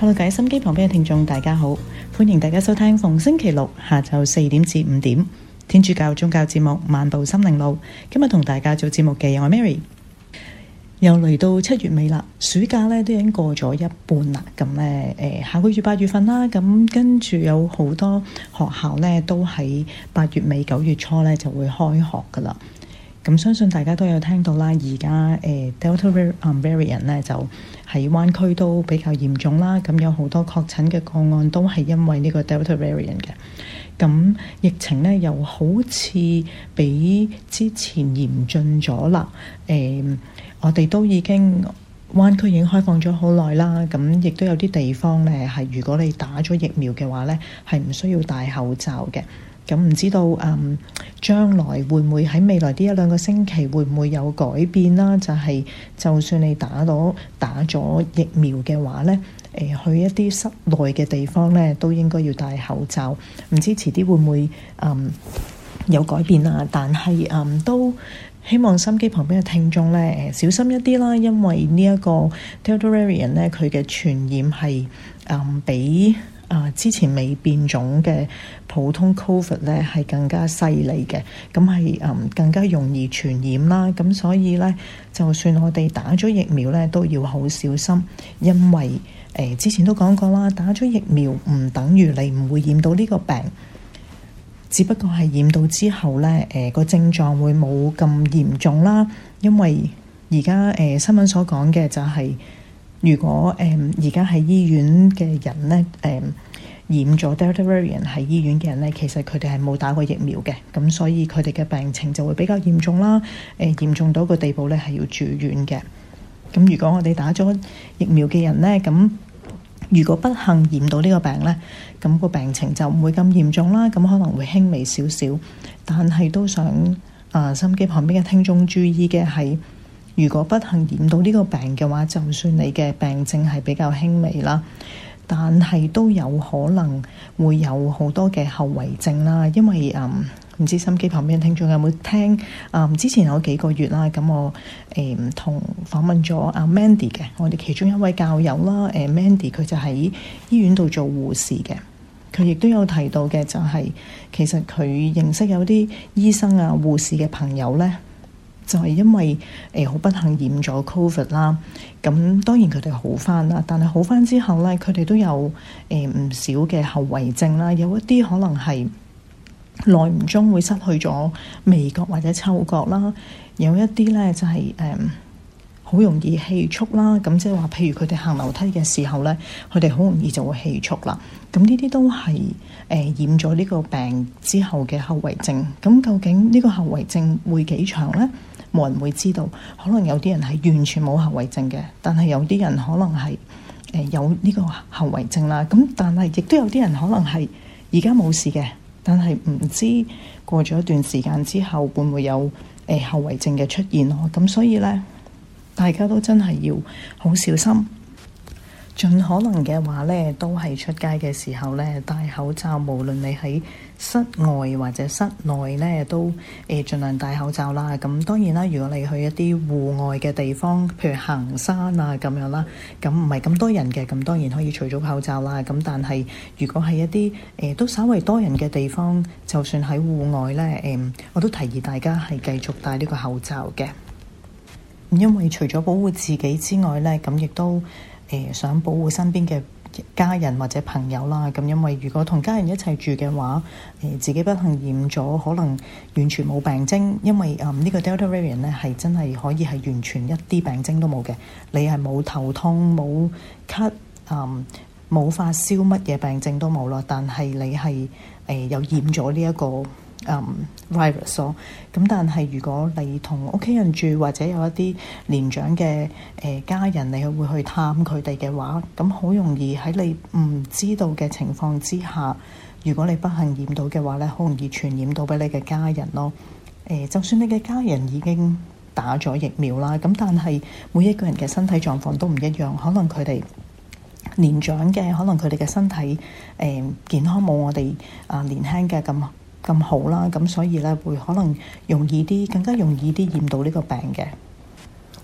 Hello，各位心機旁邊嘅聽眾，大家好，歡迎大家收聽逢星期六下晝四點至五點天主教宗教節目《漫步心靈路》。今日同大家做節目嘅我係 Mary。又嚟到七月尾啦，暑假咧，都已經過咗一半啦。咁咧，誒、呃，下個月八月份啦，咁跟住有好多學校咧都喺八月尾九月初咧就會開學噶啦。咁相信大家都有聽到啦，而家誒 Delta variant 咧就喺灣區都比較嚴重啦，咁有好多確診嘅個案都係因為呢個 Delta variant 嘅。咁疫情咧又好似比之前嚴峻咗啦。誒、欸，我哋都已經灣區已經開放咗好耐啦，咁亦都有啲地方咧係如果你打咗疫苗嘅話咧，係唔需要戴口罩嘅。咁唔知道誒，將、嗯、來會唔會喺未來呢一兩個星期會唔會有改變啦？就係、是、就算你打咗打咗疫苗嘅話呢誒、呃、去一啲室內嘅地方呢，都應該要戴口罩。唔知遲啲會唔會誒、嗯、有改變啊？但係誒、嗯、都希望心機旁邊嘅聽眾呢，小心一啲啦，因為呢一個 Delta variant 咧，佢嘅傳染係誒、嗯、比。啊！之前未變種嘅普通 COVID 咧，係更加犀利嘅，咁係，嗯，更加容易傳染啦。咁所以呢，就算我哋打咗疫苗呢，都要好小心，因為誒、呃、之前都講過啦，打咗疫苗唔等於你唔會染到呢個病，只不過係染到之後呢，誒、呃、個症狀會冇咁嚴重啦。因為而家誒、新聞所講嘅就係、是。如果誒而家喺醫院嘅人呢，誒、嗯、染咗 Delta variant 喺醫院嘅人呢，其實佢哋係冇打過疫苗嘅，咁所以佢哋嘅病情就會比較嚴重啦。誒、呃、嚴重到個地步呢係要住院嘅。咁如果我哋打咗疫苗嘅人呢，咁如果不幸染到呢個病呢，咁個病情就唔會咁嚴重啦。咁可能會輕微少少，但係都想啊，收音機旁邊嘅聽眾注意嘅係。如果不幸染到呢個病嘅話，就算你嘅病症係比較輕微啦，但係都有可能會有好多嘅後遺症啦。因為誒唔、嗯、知心機旁邊聽眾有冇聽誒、嗯、之前有幾個月啦，咁我唔、欸、同訪問咗阿 Mandy 嘅，我哋其中一位教友啦，誒、欸、Mandy 佢就喺醫院度做護士嘅，佢亦都有提到嘅、就是，就係其實佢認識有啲醫生啊、護士嘅朋友咧。就係因為誒好、呃、不幸染咗 Covid 啦，咁、嗯、當然佢哋好翻啦，但係好翻之後咧，佢哋都有誒唔、呃、少嘅後遺症啦。有一啲可能係耐唔中會失去咗味覺或者嗅覺啦，有一啲咧就係誒好容易氣促啦。咁即係話，就是、譬如佢哋行樓梯嘅時候咧，佢哋好容易就會氣促啦。咁呢啲都係誒、呃、染咗呢個病之後嘅後遺症。咁、嗯、究竟呢個後遺症會幾長咧？冇人會知道，可能有啲人係完全冇後遺症嘅，但係有啲人可能係誒有呢個後遺症啦。咁但係亦都有啲人可能係而家冇事嘅，但係唔知過咗一段時間之後會唔會有誒後遺症嘅出現咯。咁所以咧，大家都真係要好小心。盡可能嘅話呢都係出街嘅時候呢，戴口罩。無論你喺室外或者室內呢，都誒盡量戴口罩啦。咁當然啦，如果你去一啲戶外嘅地方，譬如行山啊咁樣啦，咁唔係咁多人嘅，咁當然可以除咗口罩啦。咁但係如果係一啲誒、呃、都稍為多人嘅地方，就算喺戶外呢，誒、呃、我都提議大家係繼續戴呢個口罩嘅，因為除咗保護自己之外呢，咁亦都。誒、呃、想保護身邊嘅家人或者朋友啦，咁、嗯、因為如果同家人一齊住嘅話，誒、呃、自己不幸染咗，可能完全冇病徵，因為誒、呃這個、呢個 Delta variant 咧係真係可以係完全一啲病徵都冇嘅，你係冇頭痛、冇咳、呃、冇發燒，乜嘢病徵都冇咯，但係你係誒、呃、又染咗呢一個。嗯，virus 咯。咁但係如果你同屋企人住，或者有一啲年長嘅誒家人，你會去探佢哋嘅話，咁好容易喺你唔知道嘅情況之下，如果你不幸染到嘅話咧，好容易傳染到俾你嘅家人咯。誒，就算你嘅家人已經打咗疫苗啦，咁但係每一個人嘅身體狀況都唔一樣，可能佢哋年長嘅，可能佢哋嘅身體誒健康冇我哋啊年輕嘅咁。咁好啦，咁所以呢，會可能容易啲，更加容易啲染到呢個病嘅。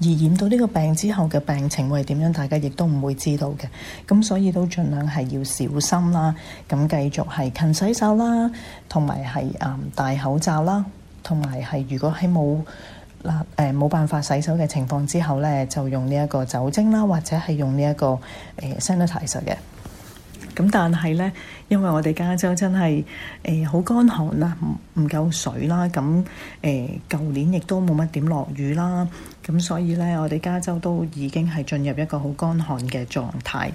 而染到呢個病之後嘅病情會係點樣，大家亦都唔會知道嘅。咁所以都盡量係要小心啦，咁繼續係勤洗手啦，同埋係戴口罩啦，同埋係如果喺冇嗱誒冇辦法洗手嘅情況之後呢，就用呢一個酒精啦，或者係用呢、這、一個誒 sanitize 嘅。呃咁但係呢，因為我哋加州真係誒好乾旱啦，唔唔夠水啦，咁誒舊年亦都冇乜點落雨啦，咁所以呢，我哋加州都已經係進入一個好乾旱嘅狀態。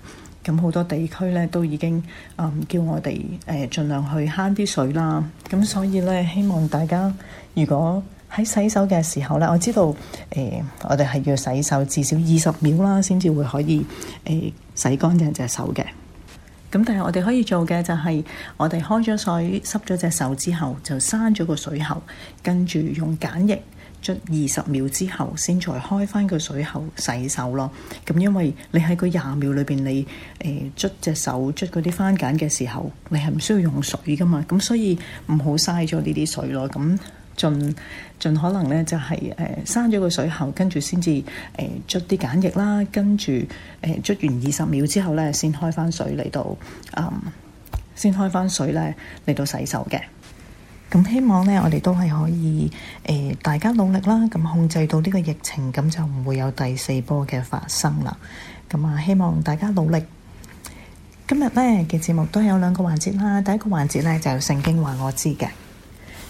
咁好多地區呢，都已經啊、嗯，叫我哋誒儘量去慳啲水啦。咁所以呢，希望大家如果喺洗手嘅時候呢，我知道誒、呃、我哋係要洗手至少二十秒啦，先至會可以誒、呃、洗乾淨隻手嘅。咁但係我哋可以做嘅就係、是、我哋開咗水濕咗隻手之後，就閂咗個水喉，跟住用梘液捽二十秒之後，先再開翻個水喉洗手咯。咁因為你喺個廿秒裏邊，你誒捽隻手捽嗰啲番梘嘅時候，你係唔需要用水噶嘛。咁所以唔好嘥咗呢啲水咯。咁盡。盡可能咧就係誒閂咗個水喉，跟住先至誒捽啲梘液啦，跟住誒捽完二十秒之後咧，先開翻水嚟到誒、呃，先開翻水咧嚟到洗手嘅。咁希望咧，我哋都係可以誒、呃，大家努力啦，咁控制到呢個疫情，咁就唔會有第四波嘅發生啦。咁啊，希望大家努力。今日咧嘅節目都係有兩個環節啦，第一個環節咧就係《聖經話我知》嘅。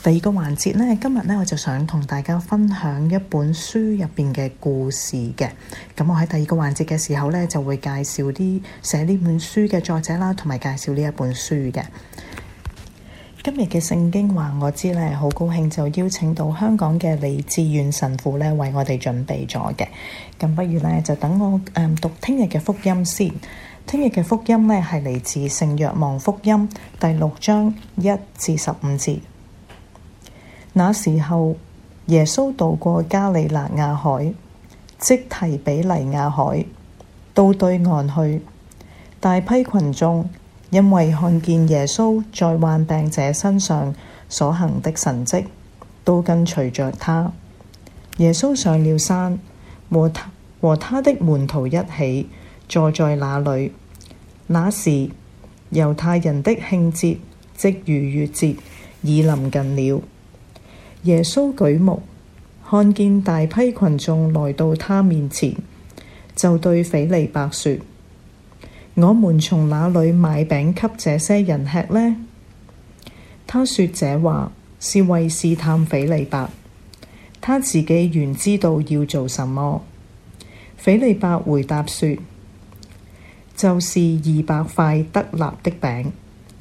第二個環節呢，今日呢，我就想同大家分享一本書入邊嘅故事嘅。咁我喺第二個環節嘅時候呢，就會介紹啲寫呢本書嘅作者啦，同埋介紹呢一本書嘅。今日嘅聖經話我知呢，好高興就邀請到香港嘅李志遠神父呢，為我哋準備咗嘅。咁不如呢，就等我誒、嗯、讀聽日嘅福音先。聽日嘅福音呢，係嚟自《聖約望福音》第六章一至十五節。那時候，耶穌渡過加利拿亞海，即提比黎雅海，到對岸去。大批群眾因為看見耶穌在患病者身上所行的神蹟，都跟隨着他。耶穌上了山，和他和他的門徒一起坐在那裏。那時，猶太人的慶節即逾越節已臨近了。耶穌舉目，看見大批群眾來到他面前，就對斐利伯說：我們從哪裏買餅給這些人吃呢？他說這話是為試探斐利伯，他自己原知道要做什麼。斐利伯回答說：就是二百塊德納的餅，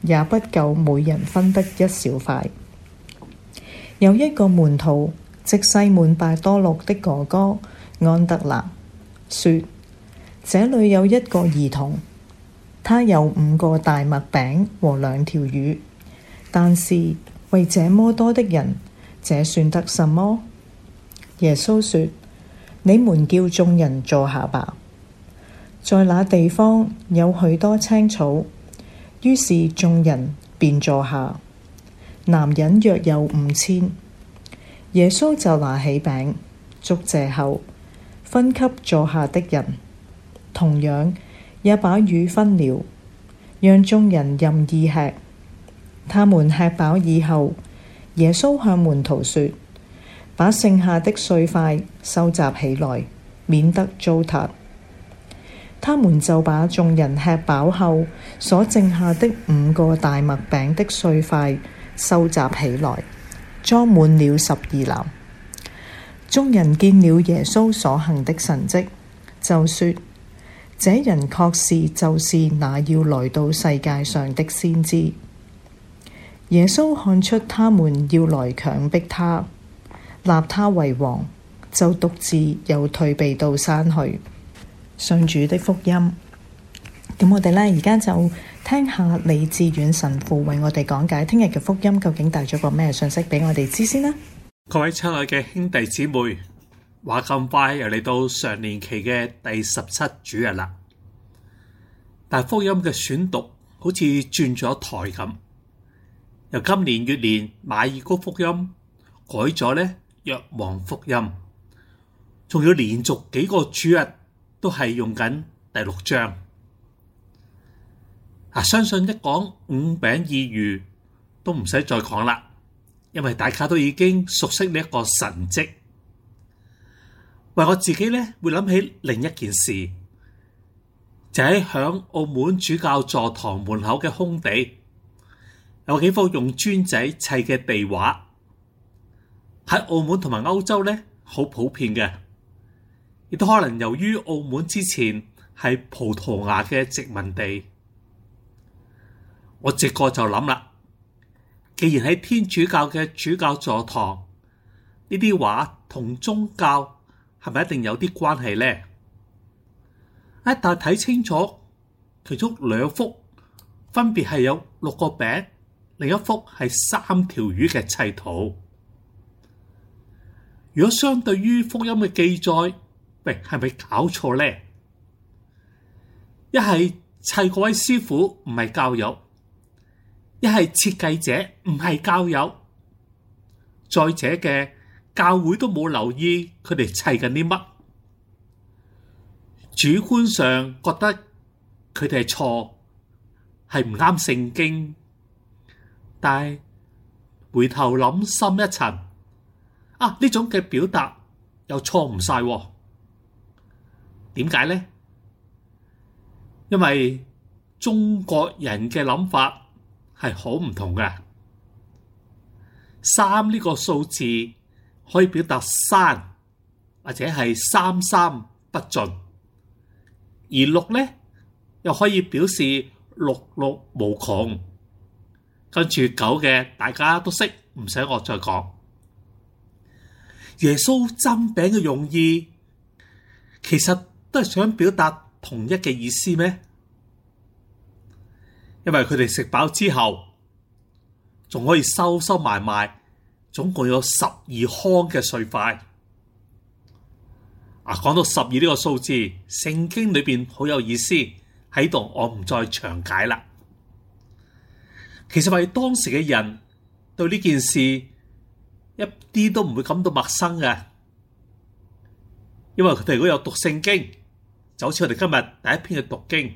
也不夠每人分得一小塊。有一個門徒，即西滿伯多祿的哥哥安德肋，說：這裏有一個兒童，他有五個大麥餅和兩條魚，但是為這麼多的人，這算得什麼？耶穌說：你們叫眾人坐下吧，在那地方有許多青草。於是眾人便坐下。男人約有五千，耶穌就拿起餅，祝謝後分給坐下的人，同樣也把魚分了，讓眾人任意吃。他們吃飽以後，耶穌向門徒說：把剩下的碎塊收集起來，免得糟蹋。他們就把眾人吃飽後所剩下的五個大麥餅的碎塊。收集起來，裝滿了十二籃。眾人見了耶穌所行的神跡，就說：這人確是，就是那要來到世界上的先知。耶穌看出他們要來強迫他立他為王，就獨自又退避到山去，信主的福音。咁我哋呢，而家就。聽下李志遠神父為我哋講解聽日嘅福音究竟帶咗個咩信息俾我哋知先啦！各位親愛嘅兄弟姊妹，話咁快又嚟到常年期嘅第十七主日啦，但福音嘅選讀好似轉咗台咁，由今年月年馬爾谷福音改咗呢若望福音，仲要連續幾個主日都係用緊第六章。嗱，相信一講五餅二魚都唔使再講啦，因為大家都已經熟悉呢一個神跡。為我自己咧，會諗起另一件事，就係喺澳門主教座堂門口嘅空地有幾幅用磚仔砌嘅地畫，喺澳門同埋歐洲咧，好普遍嘅，亦都可能由於澳門之前係葡萄牙嘅殖民地。我直覺就諗啦，既然喺天主教嘅主教座堂，呢啲畫同宗教係咪一定有啲關係咧？一旦睇清楚，其中兩幅分別係有六個餅，另一幅係三條魚嘅砌圖。如果相對於福音嘅記載，喂，係咪搞錯咧？一係砌嗰位師傅唔係教友。一係設計者，唔係教友。再者嘅教會都冇留意佢哋砌緊啲乜，主觀上覺得佢哋係錯，係唔啱聖經。但係回頭諗深一層，啊呢種嘅表達又錯唔晒。點解咧？因為中國人嘅諗法。係好唔同噶。三呢個數字可以表達三，或者係三三不盡；而六呢，又可以表示六六無窮。跟住九嘅，大家都識，唔使我再講。耶穌針餅嘅用意，其實都係想表達同一嘅意思咩？因為佢哋食飽之後，仲可以收收埋埋，總共有十二筐嘅碎塊。啊，講到十二呢個數字，聖經裏邊好有意思，喺度我唔再詳解啦。其實係當時嘅人對呢件事一啲都唔會感到陌生嘅，因為佢哋如果有讀聖經，就好似我哋今日第一篇嘅讀經。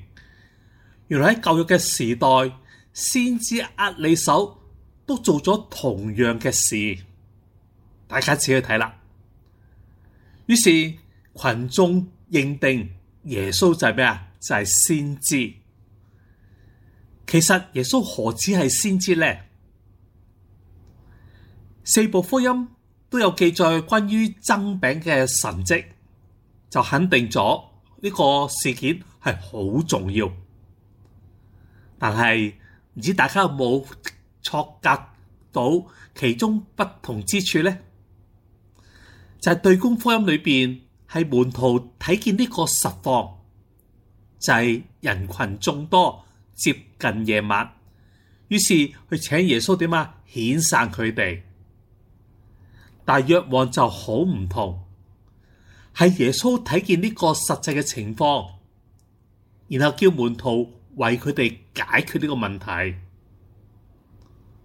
原來喺舊約嘅時代，先知握你手都做咗同樣嘅事，大家自己去睇啦。於是群眾認定耶穌就係咩啊？就係先知。其實耶穌何止係先知咧？四部福音都有記載關於增餅嘅神蹟，就肯定咗呢個事件係好重要。但係唔知大家有冇察覺到其中不同之處呢？就係、是《對觀福音裡面》裏邊係門徒睇見呢個實況，就係、是、人群眾多、接近夜晚，於是去請耶穌點啊遣散佢哋。但若望就好唔同，係耶穌睇見呢個實際嘅情況，然後叫門徒。為佢哋解決呢個問題，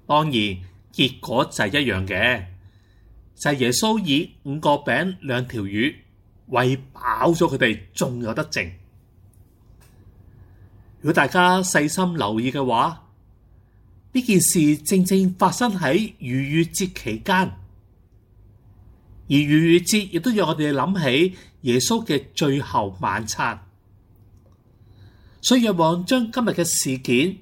當然結果就係一樣嘅，就係、是、耶穌以五個餅兩條魚餵飽咗佢哋，仲有得剩。如果大家細心留意嘅話，呢件事正正發生喺逾越節期間，而逾越節亦都讓我哋諗起耶穌嘅最後晚餐。所以，若望將今日嘅事件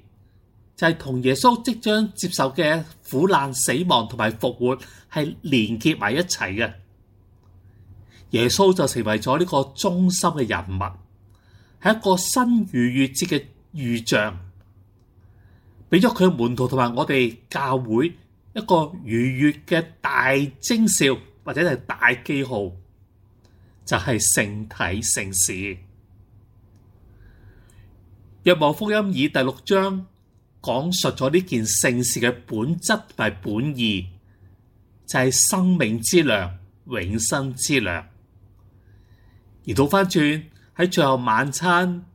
就係、是、同耶穌即將接受嘅苦難、死亡同埋復活係連結埋一齊嘅。耶穌就成為咗呢個中心嘅人物，係一個新逾越節嘅預象，俾咗佢門徒同埋我哋教會一個逾越嘅大徵兆或者係大記號，就係、是、聖體聖事。《約翰福音》以第六章講述咗呢件聖事嘅本質同埋本意，就係、是、生命之糧、永生之糧。而倒翻轉喺最後晚餐，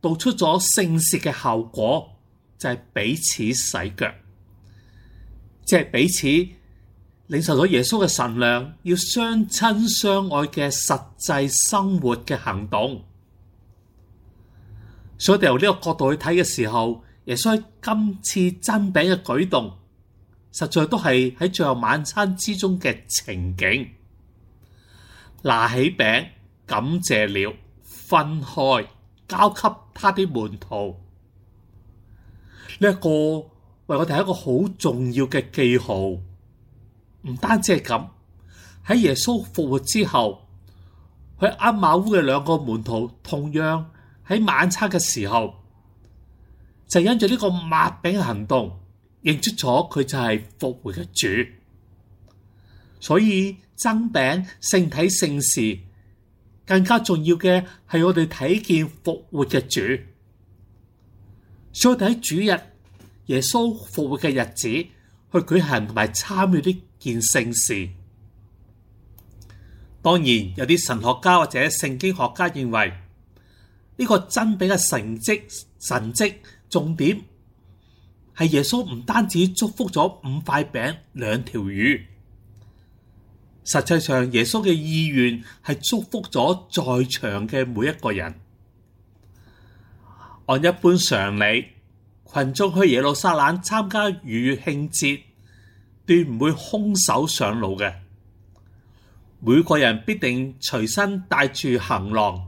道出咗聖事嘅後果，就係、是、彼此洗腳，即、就、係、是、彼此領受咗耶穌嘅神糧，要相親相愛嘅實際生活嘅行動。所以我哋由呢個角度去睇嘅時候，耶穌喺今次增餅嘅舉動，實在都係喺最後晚餐之中嘅情景。拿起餅，感謝了，分開，交給他嘅門徒。呢、這、一個為我哋係一個好重要嘅記號。唔單止係咁，喺耶穌復活之後，喺阿馬烏嘅兩個門徒同樣。喺晚餐嘅時候，就因住呢個擘餅嘅行動，認出咗佢就係復活嘅主。所以擘餅聖體聖事，更加重要嘅係我哋睇見復活嘅主。所以我哋喺主日耶穌復活嘅日子去舉行同埋參與呢件聖事。當然有啲神學家或者聖經學家認為。呢個真餅嘅神蹟，神蹟重點係耶穌唔單止祝福咗五塊餅兩條魚，實際上耶穌嘅意願係祝福咗在場嘅每一個人。按一般常理，群眾去耶路撒冷參加逾越慶節，斷唔會空手上路嘅，每個人必定隨身帶住行囊。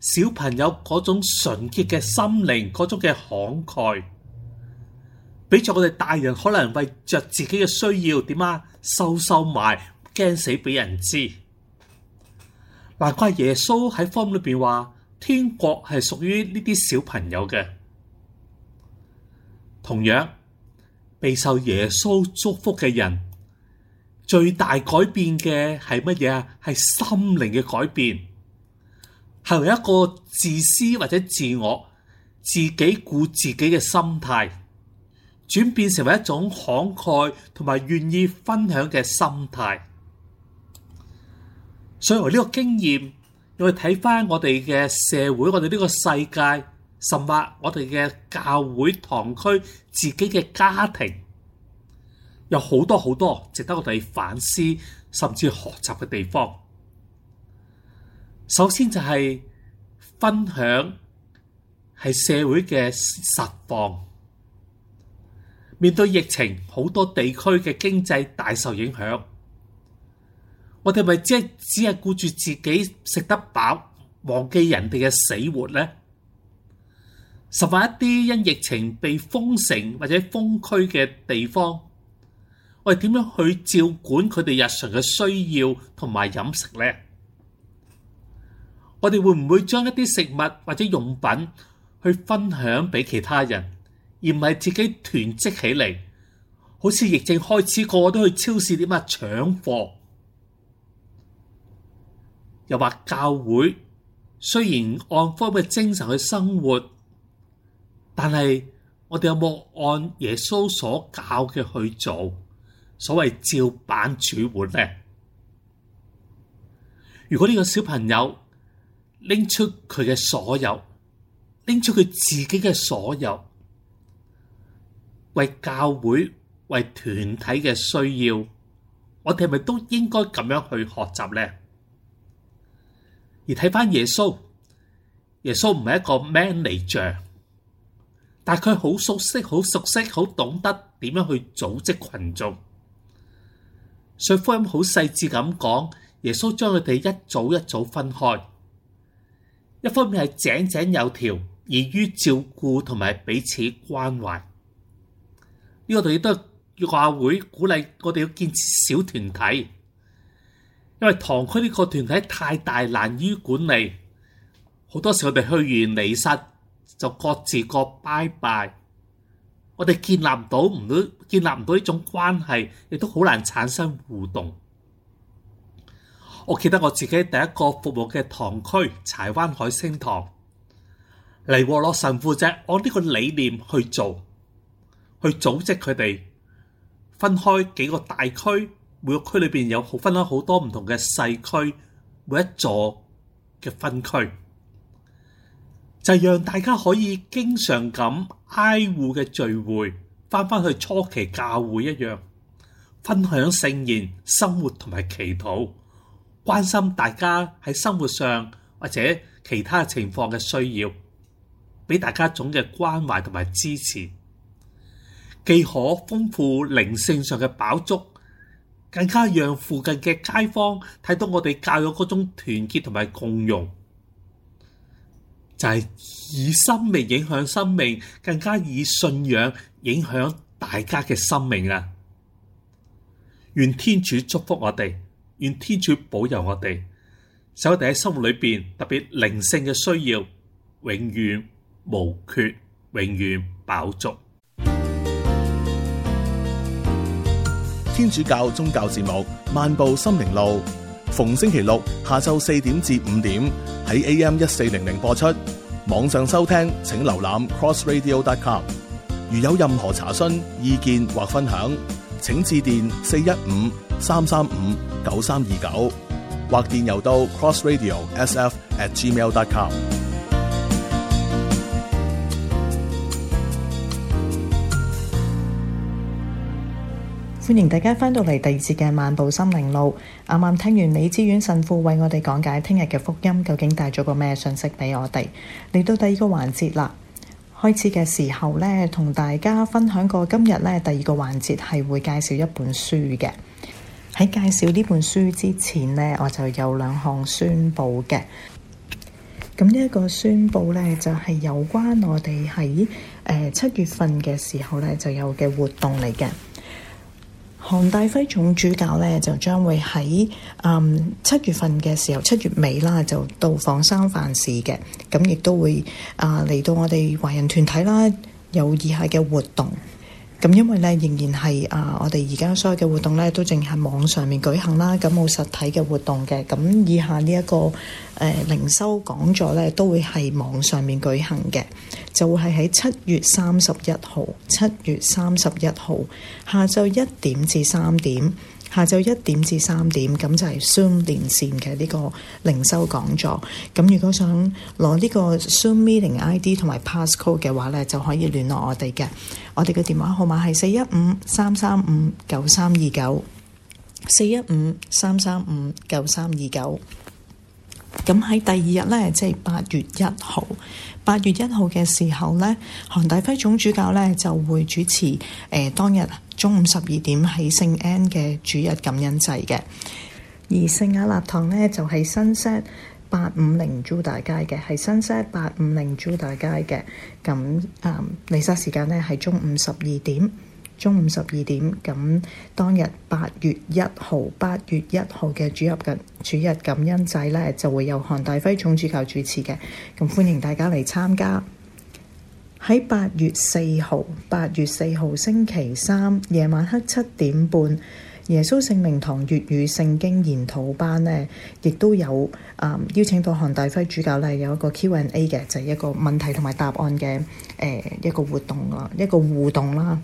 小朋友嗰種純潔嘅心靈，嗰種嘅慷慨，比起我哋大人可能為着自己嘅需要，點啊收收埋，驚死俾人知。難怪耶穌喺福音裏邊話，天國係屬於呢啲小朋友嘅。同樣，備受耶穌祝福嘅人，最大改變嘅係乜嘢啊？係心靈嘅改變。係由一個自私或者自我、自己顧自己嘅心態，轉變成為一種慷慨同埋願意分享嘅心態。所以我呢個經驗，用嚟睇翻我哋嘅社會、我哋呢個世界，甚或我哋嘅教會堂區、自己嘅家庭，有好多好多值得我哋反思甚至學習嘅地方。首先就係分享，係社會嘅實況。面對疫情，好多地區嘅經濟大受影響，我哋咪即係只係顧住自己食得飽，忘記人哋嘅死活呢？甚至一啲因疫情被封城或者封區嘅地方，我哋點樣去照管佢哋日常嘅需要同埋飲食呢？我哋會唔會將一啲食物或者用品去分享俾其他人，而唔係自己囤積起嚟？好似疫症開始，個個都去超市點乜搶貨。又話教會雖然按福音嘅精神去生活，但係我哋有冇按耶穌所教嘅去做？所謂照板煮碗咧？如果呢個小朋友？拎出佢嘅所有，拎出佢自己嘅所有，為教會為團體嘅需要，我哋係咪都應該咁樣去學習咧？而睇翻耶穌，耶穌唔係一個 man 嚟着，但佢好熟悉、好熟悉、好懂得點樣去組織群眾。所以福音好細致咁講，耶穌將佢哋一組一組分開。一方面係井井有條，易於照顧同埋彼此關懷。呢個亦都話會鼓勵我哋要建設小團體，因為堂區呢個團體太大，難於管理。好多時我哋去完彌撒，就各自各拜拜，我哋建立唔到唔到建立唔到呢種關係，亦都好難產生互動。我記得我自己第一個服務嘅堂區柴灣海星堂，嚟獲羅神父姐按呢個理念去做，去組織佢哋分開幾個大區，每個區裏邊有分開好多唔同嘅細區，每一座嘅分區就讓大家可以經常咁挨戶嘅聚會，翻返去初期教會一樣分享聖言、生活同埋祈禱。關心大家喺生活上或者其他情況嘅需要，畀大家種嘅關懷同埋支持，既可豐富靈性上嘅飽足，更加讓附近嘅街坊睇到我哋教育嗰種團結同埋共融，就係以生命影響生命，更加以信仰影響大家嘅生命啊！願天主祝福我哋。願天主保佑我哋，使我哋喺生活裏邊特別靈性嘅需要永遠無缺，永遠飽足。天主教宗教節目《漫步心靈路》，逢星期六下晝四點至五點喺 AM 一四零零播出，網上收聽請瀏覽 crossradio.com。如有任何查詢、意見或分享，請致電四一五三三五九三二九，29，或電郵到 crossradio.sf@gmail.com。歡迎大家翻到嚟第二節嘅《漫步心靈路》，啱啱聽完李志遠神父為我哋講解，聽日嘅福音究竟帶咗個咩信息俾我哋，嚟到第二個環節啦。開始嘅時候呢，同大家分享過今日呢第二個環節係會介紹一本書嘅。喺介紹呢本書之前呢，我就有兩項宣布嘅。咁呢一個宣布呢，就係有關我哋喺誒七月份嘅時候呢就有嘅活動嚟嘅。韓大輝總主教咧就將會喺嗯七月份嘅時候，七月尾啦，就到訪三藩市嘅，咁亦都會啊嚟、呃、到我哋華人團體啦，有以下嘅活動。咁因為咧，仍然係啊，我哋而家所有嘅活動咧，都淨係網上面舉行啦，咁冇實體嘅活動嘅。咁以下、這個呃、呢一個誒靈修講座咧，都會係網上面舉行嘅，就會係喺七月三十一號，七月三十一號下晝一點至三點。下晝一點至三點，咁就係 Zoom 連線嘅呢個靈修講座。咁如果想攞呢個 Zoom meeting ID 同埋 passcode 嘅話呢就可以聯絡我哋嘅。我哋嘅電話號碼係四一五三三五九三二九，四一五三三五九三二九。咁喺第二日呢，即係八月一號，八月一號嘅時候呢，韓大輝總主教呢就會主持誒、呃、當日。中午十二點喺聖 Ann 嘅主日感恩祭嘅，而聖雅納堂呢就係、是、新沙八五零珠大街嘅，係新沙八五零珠大街嘅。咁啊，彌、嗯、撒時間呢係中午十二點，中午十二點。咁當日八月一號，八月一號嘅主日嘅主日感恩祭呢就會由韓大輝總主教主持嘅。咁歡迎大家嚟參加。喺八月四號，八月四號星期三夜晚黑七點半，耶穌聖名堂粵語聖經研討班呢亦都有啊、嗯、邀請到韓大輝主教咧，有一個 Q and A 嘅，就係、是、一個問題同埋答案嘅誒、呃、一個活動啊，一個互動啦。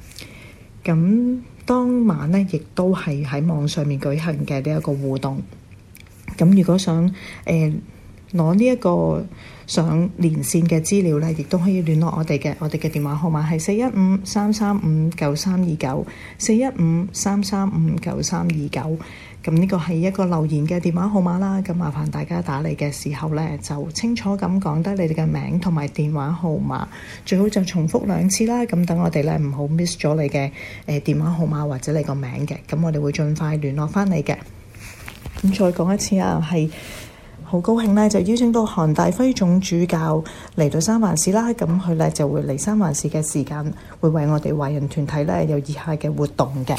咁當晚呢，亦都係喺網上面舉行嘅呢一個互動。咁如果想誒攞呢一個。想連線嘅資料咧，亦都可以聯絡我哋嘅，我哋嘅電話號碼係四一五三三五九三二九，四一五三三五九三二九。咁呢個係一個留言嘅電話號碼啦。咁麻煩大家打嚟嘅時候咧，就清楚咁講得你哋嘅名同埋電話號碼，最好就重複兩次啦。咁等我哋咧唔好 miss 咗你嘅誒、呃、電話號碼或者你個名嘅。咁我哋會盡快聯絡翻你嘅。咁再講一次啊，係。好高興呢就邀請到韓大輝總主教嚟到三環市啦。咁佢呢就會嚟三環市嘅時間，會為我哋華人團體呢有以下嘅活動嘅。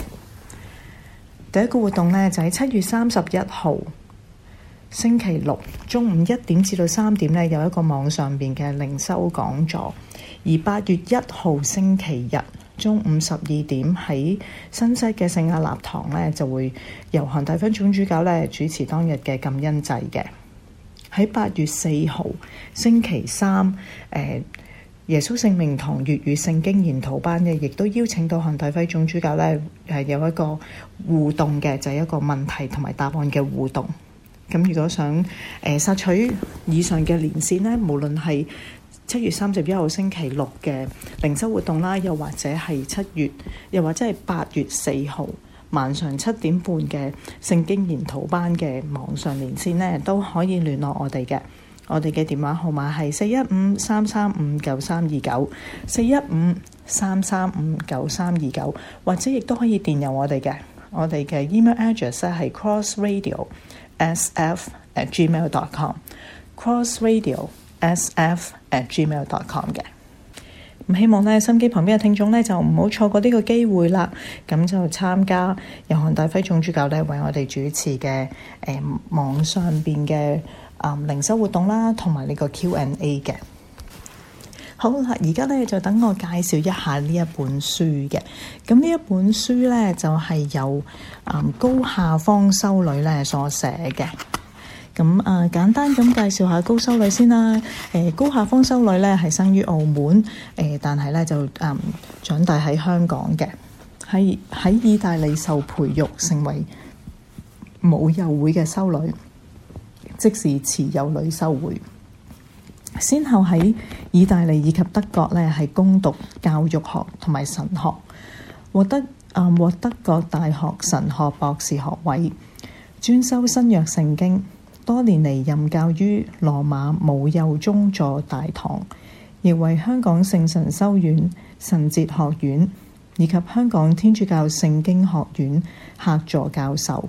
第一個活動呢，就喺七月三十一號星期六中午一點至到三點呢，有一個網上面嘅靈修講座。而八月一號星期日中午十二點喺新西嘅聖亞納堂呢，就會由韓大輝總主教呢主持當日嘅感恩祭嘅。喺八月四號星期三，耶穌聖名堂粵語聖經研討班嘅，亦都邀請到韓大輝總主教呢，誒、呃、有一個互動嘅，就係、是、一個問題同埋答案嘅互動。咁如果想誒索、呃、取以上嘅連線呢，無論係七月三十一號星期六嘅靈修活動啦，又或者係七月，又或者係八月四號，晚上七點半嘅聖經研討班嘅網上連線咧，都可以聯絡我哋嘅。我哋嘅電話號碼係四一五三三五九三二九，四一五三三五九三二九，29, 29, 或者亦都可以電郵我哋嘅。我哋嘅 email address 係 crossradio.sf@gmail.com，crossradio.sf@gmail.com 嘅。希望呢，心機旁邊嘅聽眾呢，就唔好錯過呢個機會啦。咁就參加由韓大輝總主教呢，為我哋主持嘅誒，網上邊嘅啊靈修活動啦，同埋呢個 Q&A 嘅。好啦，而家呢，就等我介紹一下呢一本書嘅。咁呢一本書呢，就係、是、由啊、呃、高夏芳修女呢所寫嘅。咁啊，簡單咁介紹下高修女先啦。誒，高下方修女呢係生於澳門，誒，但係呢就誒、嗯、長大喺香港嘅，係喺意大利受培育成為母幼會嘅修女，即是慈幼女修會，先後喺意大利以及德國呢係攻讀教育學同埋神學，獲得啊、嗯、獲得個大學神學博士學位，專修新約聖經。多年嚟任教於羅馬母幼宗座大堂，亦為香港聖神修院神哲學院以及香港天主教聖經學院客座教授，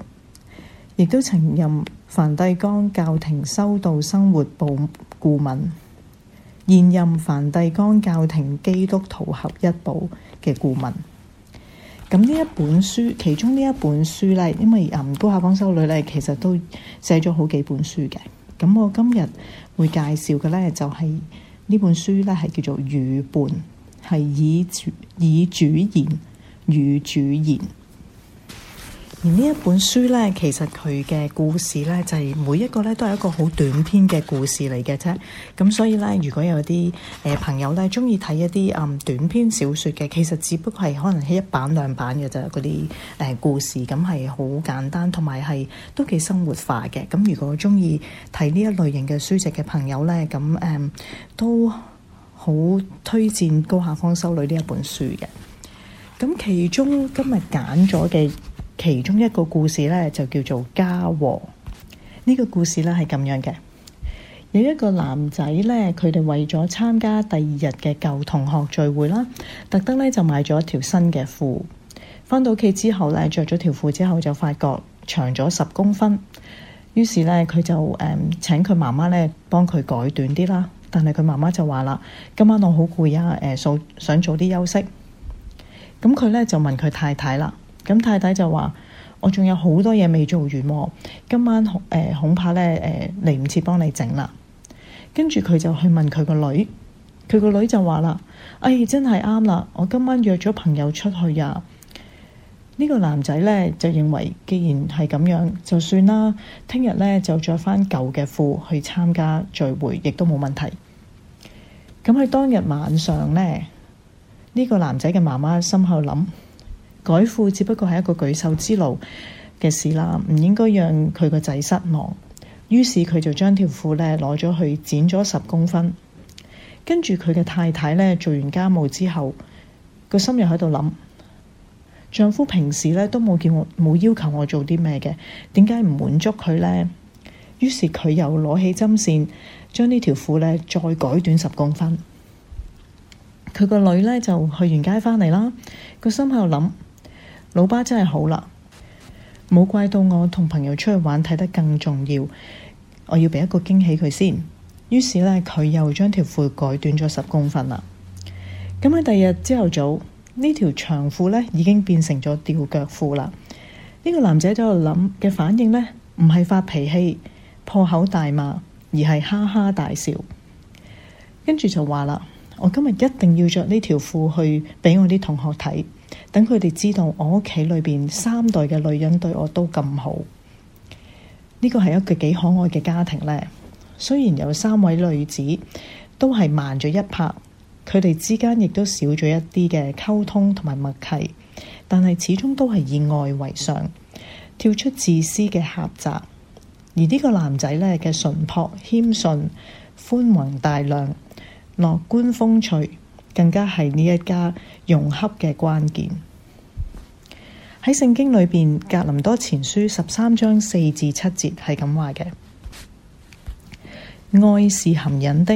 亦都曾任梵蒂岡教廷修道生活部顧問，現任梵蒂岡教廷基督徒合一部嘅顧問。咁呢一本書，其中呢一本書咧，因為啊高考邦修女咧，其實都寫咗好幾本書嘅。咁我今日會介紹嘅咧，就係、是、呢本書咧，係叫做《語伴》，係以主以主言與主言。而呢一本書呢，其實佢嘅故事呢，就係、是、每一個呢都係一個好短篇嘅故事嚟嘅啫。咁所以呢，如果有啲誒、呃、朋友呢，中意睇一啲啊、嗯、短篇小說嘅，其實只不過係可能係一版兩版嘅啫。嗰啲誒故事咁係好簡單，同埋係都幾生活化嘅。咁如果中意睇呢一類型嘅書籍嘅朋友呢，咁、嗯、誒、嗯、都好推薦《高下方修女》呢一本書嘅。咁其中今日揀咗嘅。其中一個故事呢，就叫做家和。呢、這個故事呢，係咁樣嘅，有一個男仔呢，佢哋為咗參加第二日嘅舊同學聚會啦，特登呢就買咗條新嘅褲。返到屋企之後呢，着咗條褲之後就發覺長咗十公分，於是呢，佢就誒、嗯、請佢媽媽呢幫佢改短啲啦。但係佢媽媽就話啦：今晚我好攰啊，誒、呃、想早啲休息。咁、嗯、佢呢，就問佢太太啦。咁太太就話：我仲有好多嘢未做完，哦，今晚、呃、恐怕咧，嚟唔切幫你整啦。跟住佢就去問佢個女，佢個女就話啦：誒、哎、真係啱啦，我今晚約咗朋友出去呀、啊。呢、呢個男仔呢就認為，既然係咁樣，就算啦，聽日呢就着翻舊嘅褲去參加聚會，亦都冇問題。咁喺當日晚上呢，呢、呢個男仔嘅媽媽心口諗。改褲只不過係一個舉手之勞嘅事啦，唔應該讓佢個仔失望。於是佢就將條褲呢攞咗去剪咗十公分，跟住佢嘅太太呢做完家務之後，個心又喺度諗：「丈夫平時呢都冇叫我冇要求我做啲咩嘅，點解唔滿足佢呢？」於是佢又攞起針線，將呢條褲呢再改短十公分。佢個女呢就去完街返嚟啦，個心喺度諗。老爸真係好啦，冇怪到我同朋友出去玩睇得更重要，我要畀一個驚喜佢先。於是呢，佢又將條褲改短咗十公分啦。咁喺第二日朝頭早，呢條長褲呢已經變成咗吊腳褲啦。呢個男仔喺度諗嘅反應呢，唔係發脾氣破口大罵，而係哈哈大笑，跟住就話啦：我今日一定要着呢條褲去畀我啲同學睇。等佢哋知道我屋企裏邊三代嘅女人對我都咁好，呢個係一個幾可愛嘅家庭呢。雖然有三位女子都係慢咗一拍，佢哋之間亦都少咗一啲嘅溝通同埋默契，但係始終都係以愛為上，跳出自私嘅狹窄。而呢個男仔呢嘅純樸、謙遜、寬宏大量、樂觀、風趣。更加係呢一家融合嘅關鍵。喺聖經裏邊，《格林多前書》十三章四至七節係咁話嘅：愛是含忍的，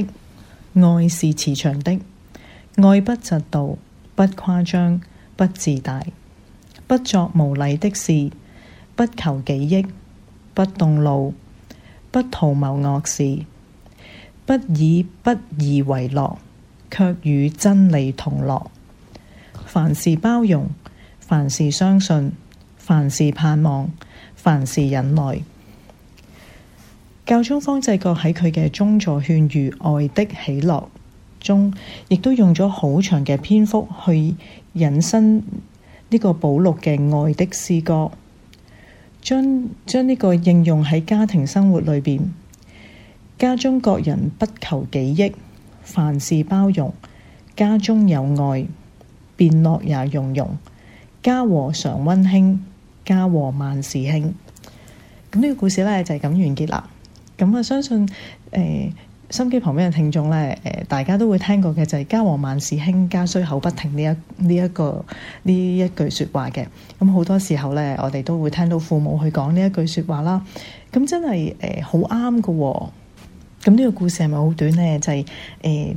愛是慈祥的，愛不嫉妒，不誇張，不自大，不作無禮的事，不求己益，不動怒，不圖謀惡事，不以不義為樂。卻與真理同樂，凡事包容，凡事相信，凡事盼望，凡事忍耐。教宗方濟各喺佢嘅宗座勸諭《愛的喜樂》中，亦都用咗好長嘅篇幅去引申呢個保祿嘅愛的詩歌，將將呢個應用喺家庭生活裏邊，家中各人不求己益。凡事包容，家中有愛，便樂也融融；家和常溫馨，家和萬事興。咁呢個故事呢，就係、是、咁完結啦。咁啊，相信誒、呃，心機旁邊嘅聽眾呢，誒、呃，大家都會聽過嘅就係、是、家和萬事興，家衰口不停呢一呢一,一個呢一句說話嘅。咁好多時候呢，我哋都會聽到父母去講呢一句說話啦。咁真係誒，好啱㗎。咁呢個故事係咪好短呢？就係、是、誒、欸，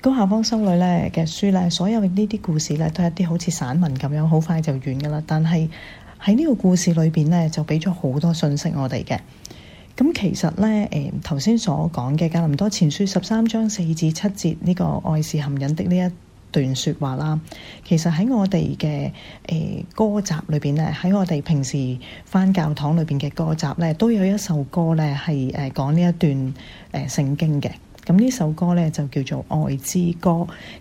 高下方修女咧嘅書咧，所有呢啲故事咧，都係一啲好似散文咁樣，好快就完噶啦。但係喺呢個故事裏邊咧，就俾咗好多信息我哋嘅。咁、嗯、其實咧，誒、欸，頭先所講嘅加林多前書十三章四至七節呢、這個愛是含忍的呢一。段說話啦，其實喺我哋嘅誒歌集裏邊咧，喺我哋平時翻教堂裏邊嘅歌集咧，都有一首歌咧係誒講呢、呃、一段誒聖、呃、經嘅。咁呢首歌咧就叫做《愛之歌》。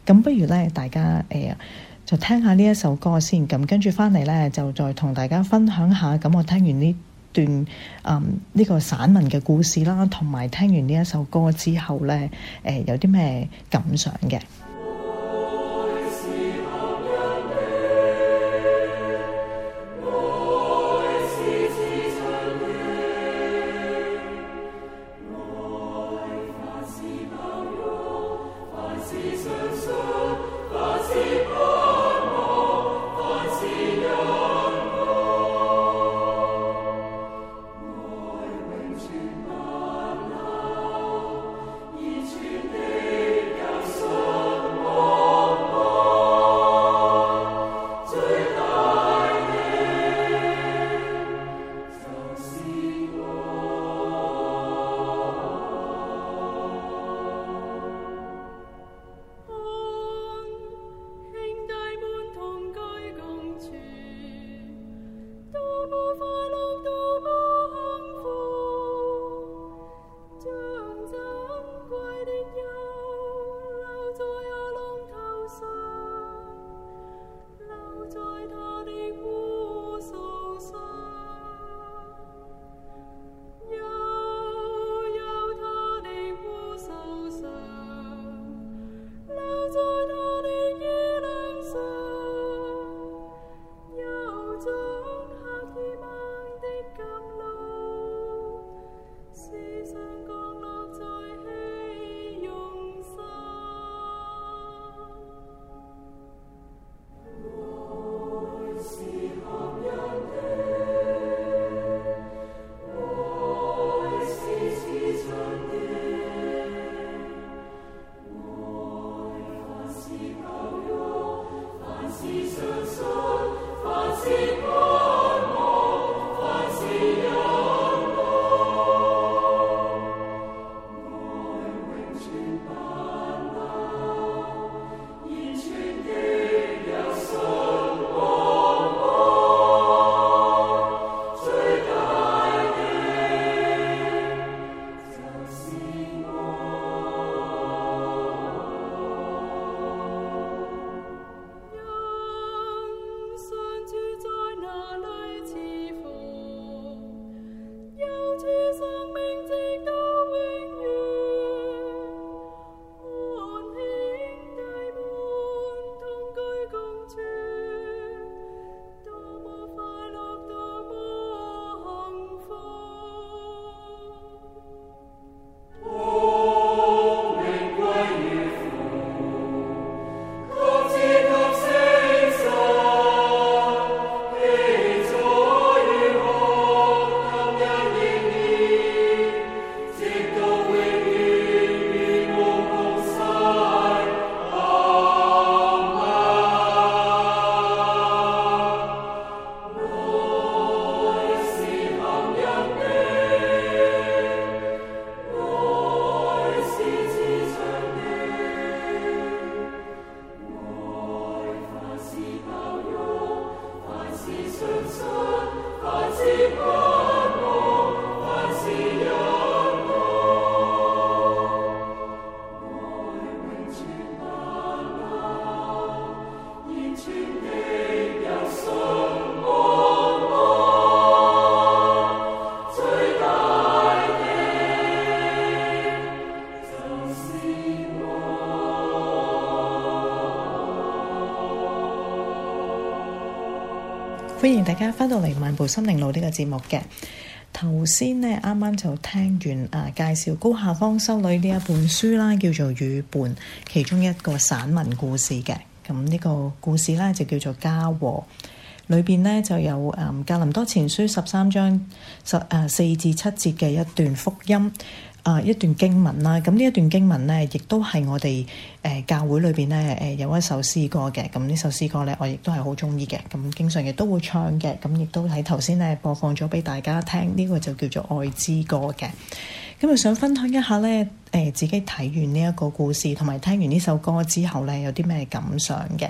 咁不如咧，大家誒、呃、就聽下呢一首歌先。咁跟住翻嚟咧，就再同大家分享下。咁我聽完呢段嗯呢、呃這個散文嘅故事啦，同埋聽完呢一首歌之後咧，誒、呃、有啲咩感想嘅？歡迎大家翻到嚟《漫步心靈路》呢、這個節目嘅。頭先呢，啱啱就聽完啊，介紹高夏芳修女呢一本書啦，叫做《雨伴》，其中一個散文故事嘅。咁、嗯、呢、這個故事呢，就叫做《家和》，裏邊呢，就有、嗯，《格林多前書》十三章十、啊、四至七節嘅一段福音。啊、uh, 一段經文啦，咁呢一段經文呢，亦都係我哋誒、呃、教會裏邊咧誒有一首詩歌嘅，咁呢首詩歌呢，我亦都係好中意嘅，咁經常亦都會唱嘅，咁亦都喺頭先咧播放咗俾大家聽，呢、這個就叫做愛之歌嘅，咁啊想分享一下呢，誒、呃、自己睇完呢一個故事同埋聽完呢首歌之後呢，有啲咩感想嘅？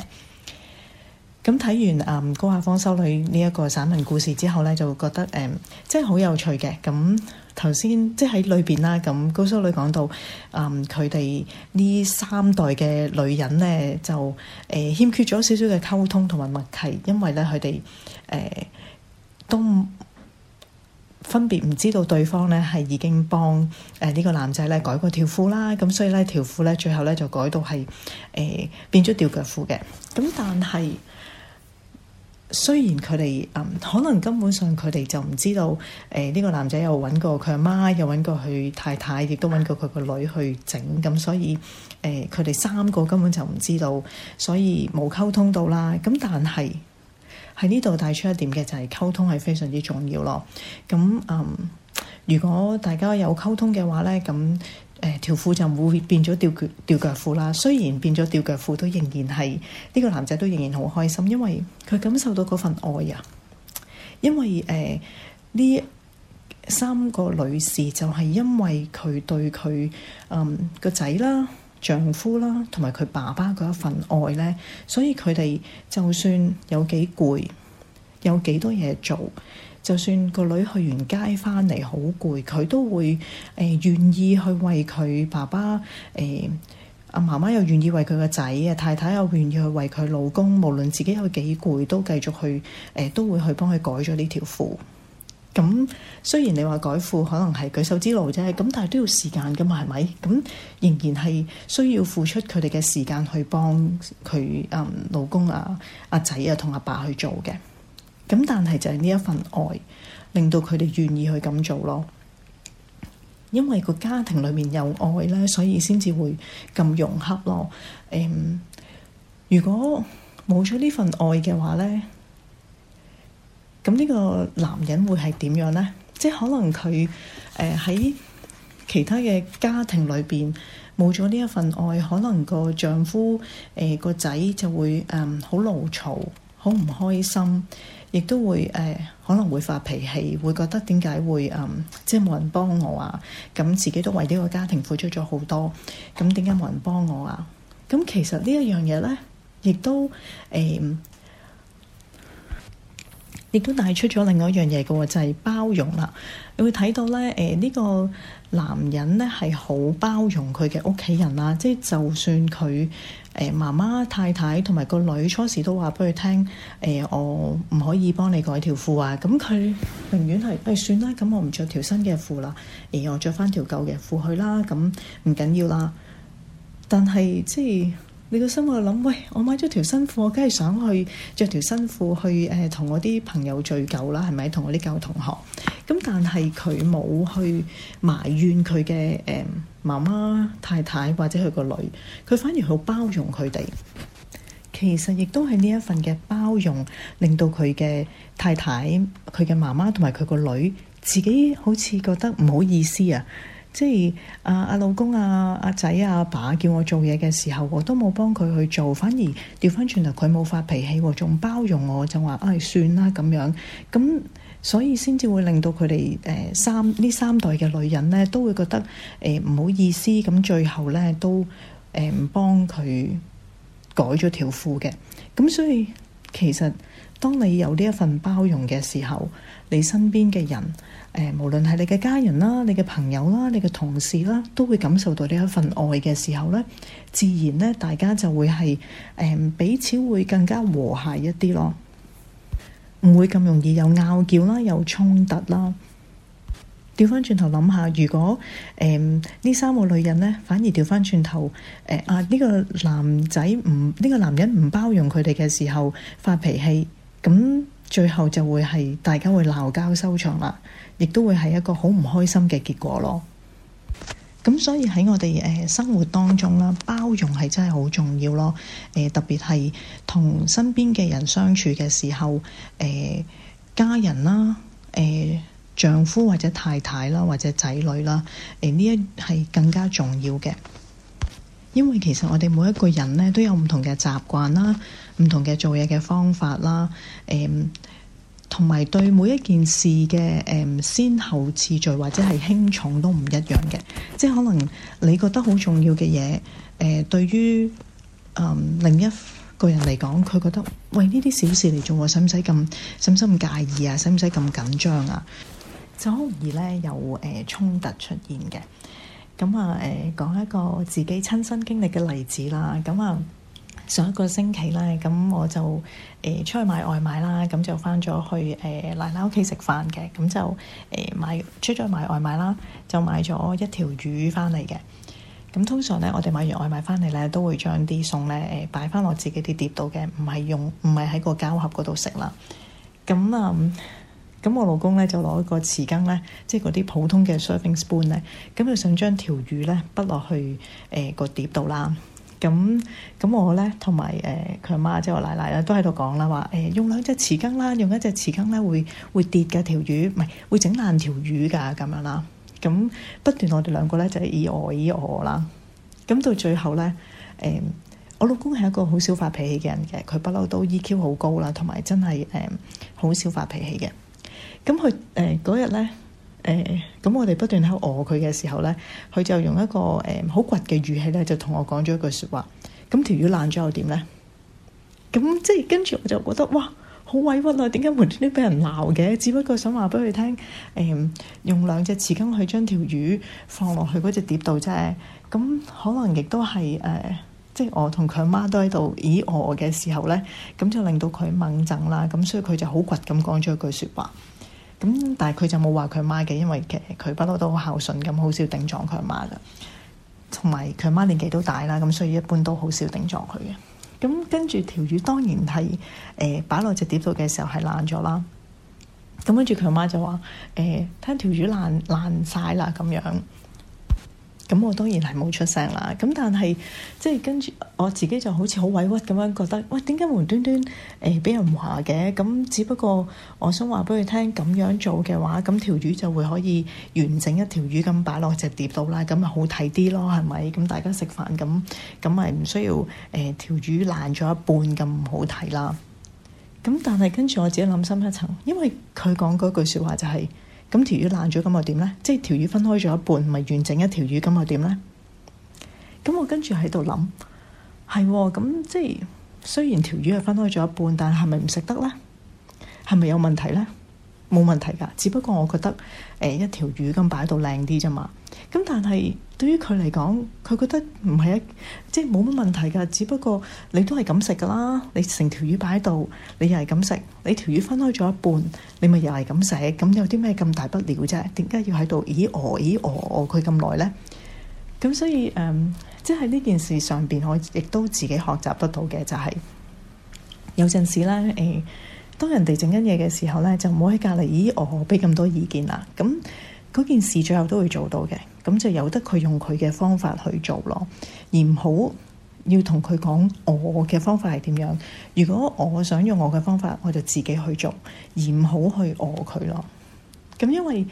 咁睇完誒高亞方修女呢一個散文故事之後咧，就覺得誒即係好有趣嘅。咁頭先即係喺裏邊啦，咁高修女講到誒佢哋呢三代嘅女人咧，就誒欠缺咗少少嘅溝通同埋默契，因為咧佢哋誒都分別唔知道對方咧係已經幫誒呢個男仔咧改過條褲啦，咁、嗯、所以咧條褲咧最後咧就改到係誒、呃、變咗吊腳褲嘅。咁、嗯、但係雖然佢哋嗯，可能根本上佢哋就唔知道，誒呢個男仔有揾過佢阿媽，有揾過佢太太，亦都揾過佢個女去整，咁所以誒佢哋三個根本就唔知道，所以冇溝通到啦。咁但係喺呢度帶出一點嘅就係溝通係非常之重要咯。咁嗯，如果大家有溝通嘅話呢，咁。誒、呃、條褲就唔會變咗吊腳吊腳褲啦，雖然變咗吊腳褲，都仍然係呢、這個男仔都仍然好開心，因為佢感受到嗰份愛啊！因為誒呢、呃、三個女士就係因為佢對佢嗯個仔啦、丈夫啦，同埋佢爸爸嗰一份愛呢，所以佢哋就算有幾攰，有幾多嘢做。就算個女去完街翻嚟好攰，佢都會誒、呃、願意去為佢爸爸誒阿媽媽又願意為佢個仔啊，太太又願意去為佢老公，無論自己有幾攰，都繼續去誒、呃，都會去幫佢改咗呢條褲。咁雖然你話改褲可能係舉手之勞啫，咁但係都要時間噶嘛，係咪？咁仍然係需要付出佢哋嘅時間去幫佢啊、嗯、老公啊阿仔啊同阿、啊、爸爸去做嘅。咁但係就係呢一份愛，令到佢哋願意去咁做咯。因為個家庭裏面有愛咧，所以先至會咁融洽咯。誒、嗯，如果冇咗呢份愛嘅話咧，咁呢個男人會係點樣咧？即係可能佢誒喺其他嘅家庭裏邊冇咗呢一份愛，可能個丈夫誒、呃、個仔就會誒好、嗯、勞嘈。好唔開心，亦都會誒、呃，可能會發脾氣，會覺得點解會誒、呃，即係冇人幫我啊！咁、嗯、自己都為呢個家庭付出咗好多，咁點解冇人幫我啊？咁、嗯、其實呢一樣嘢呢，亦都誒，亦、呃、都帶出咗另外一樣嘢嘅喎，就係、是、包容啦。你會睇到呢，誒、呃、呢、這個男人呢，係好包容佢嘅屋企人啦，即係就算佢。誒、欸、媽媽、太太同埋個女初時都話俾佢聽：誒、欸，我唔可以幫你改條褲啊！咁、嗯、佢寧願係誒、欸、算啦，咁我唔着條新嘅褲啦，而、欸、我着翻條舊嘅褲去啦，咁唔緊要啦。但係即係你個心喺度諗：喂，我買咗條新褲，我梗係想去着條新褲去誒，同、呃、我啲朋友聚舊啦，係咪？同我啲舊同學。咁、嗯、但係佢冇去埋怨佢嘅誒、呃媽媽、太太或者佢個女，佢反而好包容佢哋。其實亦都係呢一份嘅包容，令到佢嘅太太、佢嘅媽媽同埋佢個女自己好似覺得唔好意思啊！即係阿阿老公、啊、阿阿仔、阿、啊、爸叫我做嘢嘅時候，我都冇幫佢去做，反而調翻轉頭佢冇發脾氣，仲包容我，就話唉、哎、算啦咁樣咁。所以先至會令到佢哋誒三呢三代嘅女人咧，都會覺得誒唔好意思，咁最後咧都誒唔幫佢改咗條褲嘅。咁所以其實，當你有呢一份包容嘅時候，你身邊嘅人誒，無論係你嘅家人啦、你嘅朋友啦、你嘅同事啦，都會感受到呢一份愛嘅時候咧，自然咧大家就會係誒彼此會更加和諧一啲咯。唔會咁容易有拗撬啦，有衝突啦。調翻轉頭諗下，如果誒呢、呃、三個女人呢，反而調翻轉頭誒啊呢、呢個男仔唔呢、呢個男人唔包容佢哋嘅時候，發脾氣，咁最後就會係大家會鬧交收場啦，亦都會係一個好唔開心嘅結果咯。咁所以喺我哋誒生活當中啦，包容係真係好重要咯。誒、呃、特別係同身邊嘅人相處嘅時候，誒、呃、家人啦，誒、呃、丈夫或者太太啦，或者仔女啦，誒呢一係更加重要嘅，因為其實我哋每一個人咧都有唔同嘅習慣啦，唔同嘅做嘢嘅方法啦，誒、呃。同埋對每一件事嘅誒先後次序或者係輕重都唔一樣嘅，即係可能你覺得好重要嘅嘢，誒、呃、對於誒、呃、另一個人嚟講，佢覺得喂，呢啲小事嚟做，使唔使咁使唔使咁介意啊？使唔使咁緊張啊？就好容易咧有誒、呃、衝突出現嘅。咁啊誒講一個自己親身經歷嘅例子啦。咁啊。呃上一個星期咧，咁我就誒、呃、出去買外賣啦，咁就翻咗去誒奶奶屋企食飯嘅，咁就誒買、呃、出咗買外賣啦，就買咗一條魚翻嚟嘅。咁通常咧，我哋買完外賣翻嚟咧，都會將啲餸咧誒擺翻落自己啲碟度嘅，唔係用唔係喺個膠盒嗰度食啦。咁啊，咁、嗯、我老公咧就攞個匙羹咧，即係嗰啲普通嘅 serving spoon 咧，咁就想將條魚咧畢落去誒、呃個碟度啦。咁咁、嗯嗯，我咧同埋誒佢阿媽，即係我奶奶咧，都喺度講啦，話誒、呃、用兩隻匙羹啦，用一隻匙羹咧會會跌㗎條魚，唔係會整爛條魚噶咁樣、嗯呃呃、啦。咁不斷我哋兩個咧就係以我以我啦。咁到最後咧誒、呃，我老公係一個好少發脾氣嘅人嘅，佢不嬲都 EQ 好高啦，同埋真係誒好少發脾氣嘅。咁佢誒嗰日咧。誒咁，呃、我哋不斷喺度餓佢嘅時候咧，佢就用一個誒好倔嘅語氣咧，就同我講咗一句説話。咁條魚爛咗又點咧？咁即係跟住我就覺得哇，好委屈啊！點解無端端俾人鬧嘅？只不過想話俾佢聽，誒、呃、用兩隻匙羹去將條魚放落去嗰隻碟度啫。咁可能亦都係誒、呃，即係我同佢阿媽都喺度咦餓嘅時候咧，咁就令到佢懵憎啦。咁、嗯、所以佢就好倔咁講咗一句説話。咁但係佢就冇話佢媽嘅，因為其實佢不嬲都好孝順咁，好少頂撞佢媽噶。同埋佢媽年紀都大啦，咁所以一般都好少頂撞佢嘅。咁跟住條魚當然係誒擺落隻碟度嘅時候係爛咗啦。咁跟住佢媽就話：誒、呃，聽條魚爛爛晒啦咁樣。咁我當然係冇出聲啦。咁但係即係跟住我自己就好似好委屈咁樣覺得，喂點解無端端誒俾、呃、人話嘅？咁只不過我想話畀佢聽，咁樣做嘅話，咁條魚就會可以完整一條魚咁擺落隻碟度啦，咁咪好睇啲咯，係咪？咁大家食飯咁咁咪唔需要誒條、呃、魚爛咗一半咁唔好睇啦。咁但係跟住我自己諗深一層，因為佢講嗰句説話就係、是。咁條魚爛咗咁又點呢？即係條魚分開咗一半，唔係完整一條魚咁又點呢？咁我跟住喺度諗，係咁、哦、即係雖然條魚係分開咗一半，但係咪唔食得呢？係咪有問題呢？冇問題噶，只不過我覺得誒、呃、一條魚咁擺到靚啲啫嘛。咁但係對於佢嚟講，佢覺得唔係一即係冇乜問題㗎，只不過你都係咁食㗎啦，你成條魚擺喺度，你又係咁食，你條魚分開咗一半，你咪又係咁食，咁有啲咩咁大不了啫？點解要喺度、呃？咦哦、呃、咦哦、呃，佢咁耐呢？咁所以誒、嗯，即係呢件事上邊，我亦都自己學習得到嘅就係、是，有陣時咧誒，當人哋整緊嘢嘅時候咧，就唔好喺隔離咦哦、呃，俾咁、呃呃、多意見啦，咁。嗰件事最後都會做到嘅，咁就由得佢用佢嘅方法去做咯，而唔好要同佢講我嘅方法係點樣。如果我想用我嘅方法，我就自己去做，而唔好去餓佢咯。咁因為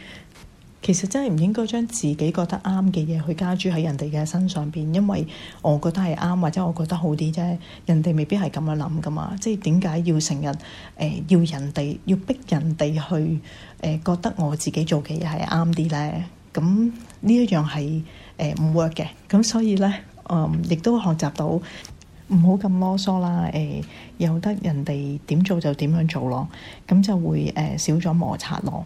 其實真係唔應該將自己覺得啱嘅嘢去加諸喺人哋嘅身上邊，因為我覺得係啱或者我覺得好啲啫，人哋未必係咁樣諗噶嘛。即係點解要成日誒、呃、要人哋要逼人哋去？誒，覺得我自己做嘅嘢係啱啲咧，咁呢一樣係誒唔 work 嘅，咁、呃、所以咧，嗯，亦都學習到唔好咁囉嗦啦，誒、呃，有得人哋點做就點樣做咯，咁就會誒、呃、少咗摩擦咯。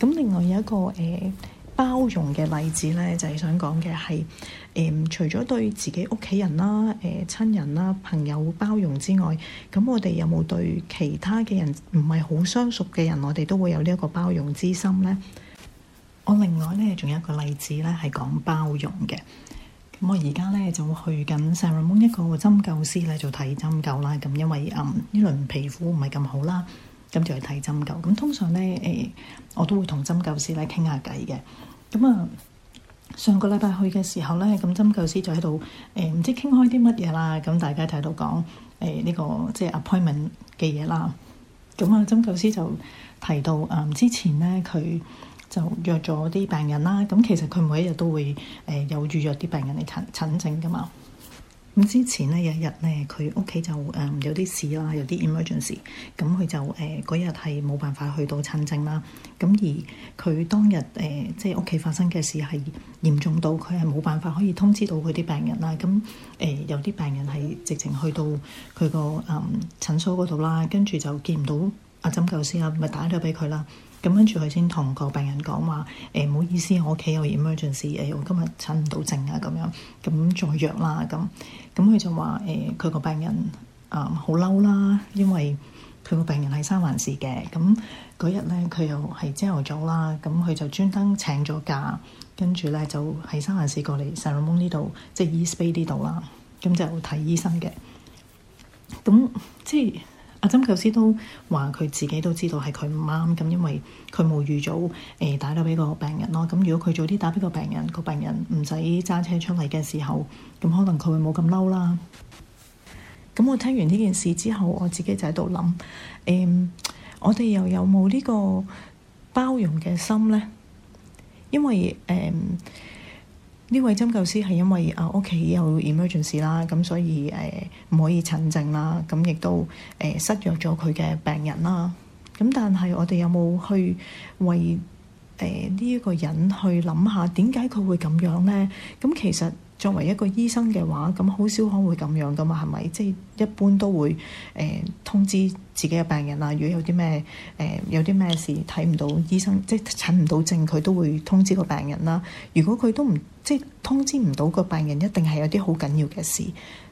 咁另外有一個誒、呃包容嘅例子呢，就係、是、想講嘅係誒，除咗對自己屋企人啦、誒、呃、親人啦、朋友包容之外，咁我哋有冇對其他嘅人唔係好相熟嘅人，我哋都會有呢一個包容之心呢？我另外呢，仲有一個例子呢，係講包容嘅。咁我而家呢，就去緊 San Ramon 一個針灸師咧就睇針灸啦。咁因為呢輪、嗯、皮膚唔係咁好啦，咁就去睇針灸。咁通常呢，誒、呃，我都會同針灸師咧傾下偈嘅。聊聊聊。咁啊，上個禮拜去嘅時候咧，咁針灸師就喺度誒唔知傾開啲乜嘢啦。咁大家睇到講誒呢、呃呢個即係 appointment 嘅嘢啦。咁啊，針灸師就提到啊、呃，之前咧佢就約咗啲病人啦。咁其實佢每一日都會誒有、呃、預約啲病人嚟診診症噶嘛。之前呢，有一日呢，佢屋企就誒有啲事啦，有啲 emergency，咁佢就誒嗰日係冇辦法去到診症啦。咁、嗯、而佢當日誒、呃、即係屋企發生嘅事係嚴重到佢係冇辦法可以通知到佢啲病人啦。咁、嗯、誒、呃、有啲病人係直情去到佢個誒診所嗰度啦，跟住就見唔到阿針灸師啊，咪打咗俾佢啦。咁跟住佢先同個病人講話，誒、欸、唔好意思，我屋企有 emergency，誒我今日診唔到症啊咁樣，咁再約啦咁。咁佢就話誒，佢、欸、個病人啊好嬲啦，因為佢個病人係三藩市嘅，咁嗰日咧佢又係朝頭早、就是 e、啦，咁佢就專登請咗假，跟住咧就喺三藩市過嚟 San Ramon 呢度，即係 East Bay 呢度啦，咁就睇醫生嘅。咁即係。阿針灸師都話佢自己都知道係佢唔啱，咁因為佢冇預早誒打到俾個病人咯。咁如果佢早啲打俾個病人，個病人唔使揸車出嚟嘅時候，咁可能佢會冇咁嬲啦。咁我聽完呢件事之後，我自己就喺度諗，誒、嗯，我哋又有冇呢個包容嘅心呢？因為誒。嗯呢位針灸師係因為啊屋企有 emergency 啦，咁、啊、所以誒唔、呃、可以診症啦，咁、啊、亦都誒、呃、失約咗佢嘅病人啦。咁、啊、但係我哋有冇去為誒呢一個人去諗下點解佢會咁樣咧？咁、啊、其實作為一個醫生嘅話，咁好少可能會咁樣噶嘛，係咪？即係一般都會誒通知自己嘅病人啦。如果有啲咩誒有啲咩事睇唔到醫生，即係診唔到症，佢都會通知個病人啦。如果佢都唔即係通知唔到個病人，一定係有啲好緊要嘅事，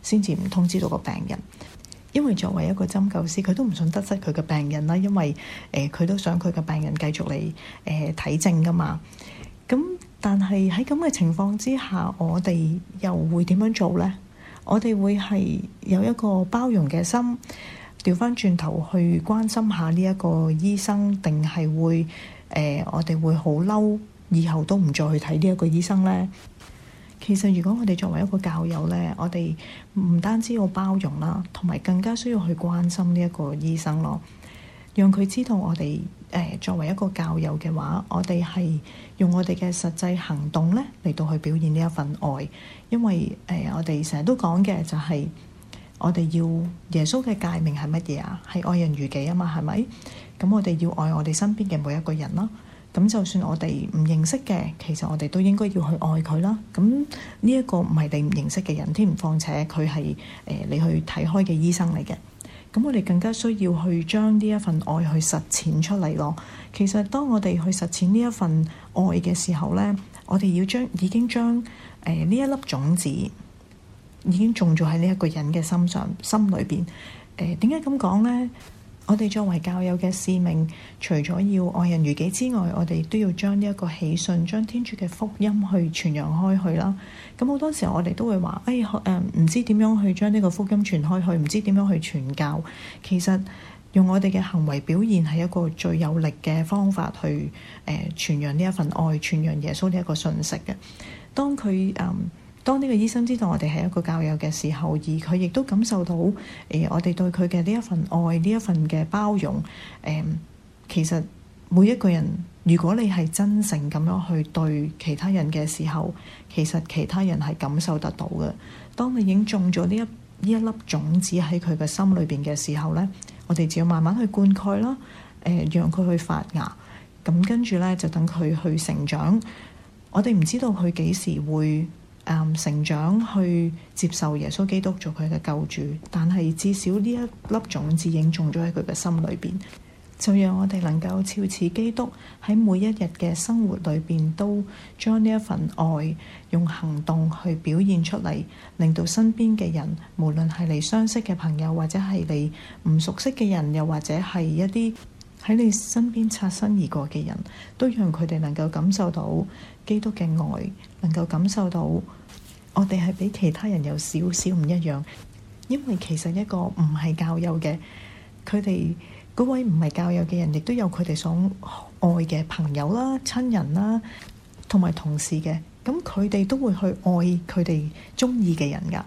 先至唔通知到個病人。因為作為一個針灸師，佢都唔想得罪佢嘅病人啦，因為誒佢都想佢嘅病人繼續嚟誒睇症噶嘛。咁。但係喺咁嘅情況之下，我哋又會點樣做呢？我哋會係有一個包容嘅心，調返轉頭去關心下呢一個醫生，定係會誒、呃、我哋會好嬲，以後都唔再去睇呢一個醫生呢？其實如果我哋作為一個教友呢，我哋唔單止要包容啦，同埋更加需要去關心呢一個醫生咯，讓佢知道我哋。作為一個教友嘅話，我哋係用我哋嘅實際行動咧嚟到去表現呢一份愛，因為誒、呃、我哋成日都講嘅就係、是、我哋要耶穌嘅戒命係乜嘢啊？係愛人如己啊嘛，係咪？咁我哋要愛我哋身邊嘅每一個人啦。咁就算我哋唔認識嘅，其實我哋都應該要去愛佢啦。咁呢一個唔係你唔認識嘅人添，況且佢係誒你去睇開嘅醫生嚟嘅。咁我哋更加需要去將呢一份愛去實踐出嚟咯。其實當我哋去實踐呢一份愛嘅時候呢，我哋要將已經將誒呢一粒種子已經種咗喺呢一個人嘅心上、心裏邊。誒點解咁講呢？我哋作為教友嘅使命，除咗要愛人如己之外，我哋都要將呢一個喜訊、將天主嘅福音去傳揚開去啦。咁好多時候我哋都會話，誒、哎、誒，唔、嗯、知點樣去將呢個福音傳開去，唔知點樣去傳教。其實用我哋嘅行為表現係一個最有力嘅方法去誒傳揚呢一份愛、傳揚耶穌呢一個信息嘅。當佢誒。當呢個醫生知道我哋係一個教友嘅時候，而佢亦都感受到誒、呃、我哋對佢嘅呢一份愛，呢一份嘅包容誒、呃。其實每一個人，如果你係真誠咁樣去對其他人嘅時候，其實其他人係感受得到嘅。當你已經種咗呢一呢一粒種子喺佢嘅心裏邊嘅時候呢，我哋就要慢慢去灌溉啦。誒、呃，讓佢去發芽，咁跟住呢，就等佢去成長。我哋唔知道佢幾時會。Um, 成長去接受耶穌基督做佢嘅救主，但係至少呢一粒種子已經種咗喺佢嘅心裏邊，就讓我哋能夠效似基督喺每一日嘅生活裏邊，都將呢一份愛用行動去表現出嚟，令到身邊嘅人，無論係你相識嘅朋友，或者係你唔熟悉嘅人，又或者係一啲喺你身邊擦身而過嘅人，都讓佢哋能夠感受到基督嘅愛，能夠感受到我哋係比其他人有少少唔一樣。因為其實一個唔係教友嘅佢哋，嗰位唔係教友嘅人，亦都有佢哋所愛嘅朋友啦、親人啦，同埋同事嘅。咁佢哋都會去愛佢哋鍾意嘅人㗎。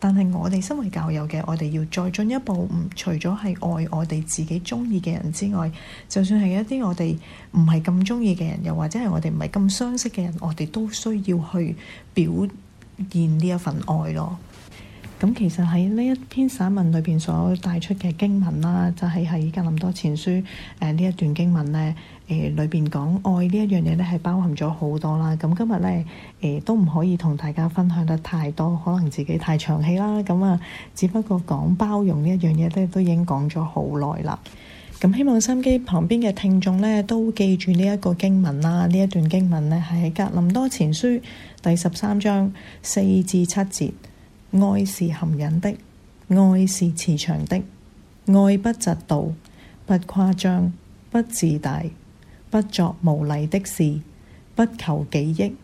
但係我哋身為教友嘅，我哋要再進一步，唔除咗係愛我哋自己中意嘅人之外，就算係一啲我哋唔係咁中意嘅人，又或者係我哋唔係咁相識嘅人，我哋都需要去表現呢一份愛咯。咁其實喺呢一篇散文裏邊所帶出嘅經文啦，就係喺《格林多前書》誒、呃、呢一段經文呢誒裏邊講愛呢一樣嘢呢係包含咗好多啦。咁今日呢，誒、呃、都唔可以同大家分享得太多，可能自己太長氣啦。咁啊，只不過講包容一呢一樣嘢咧，都已經講咗好耐啦。咁希望收音機旁邊嘅聽眾呢，都記住呢一個經文啦，呢一段經文咧係《格林多前書》第十三章四至七節。愛是含忍的，愛是慈祥的，愛不嫉妒，不誇張，不自大，不作無禮的事，不求己益，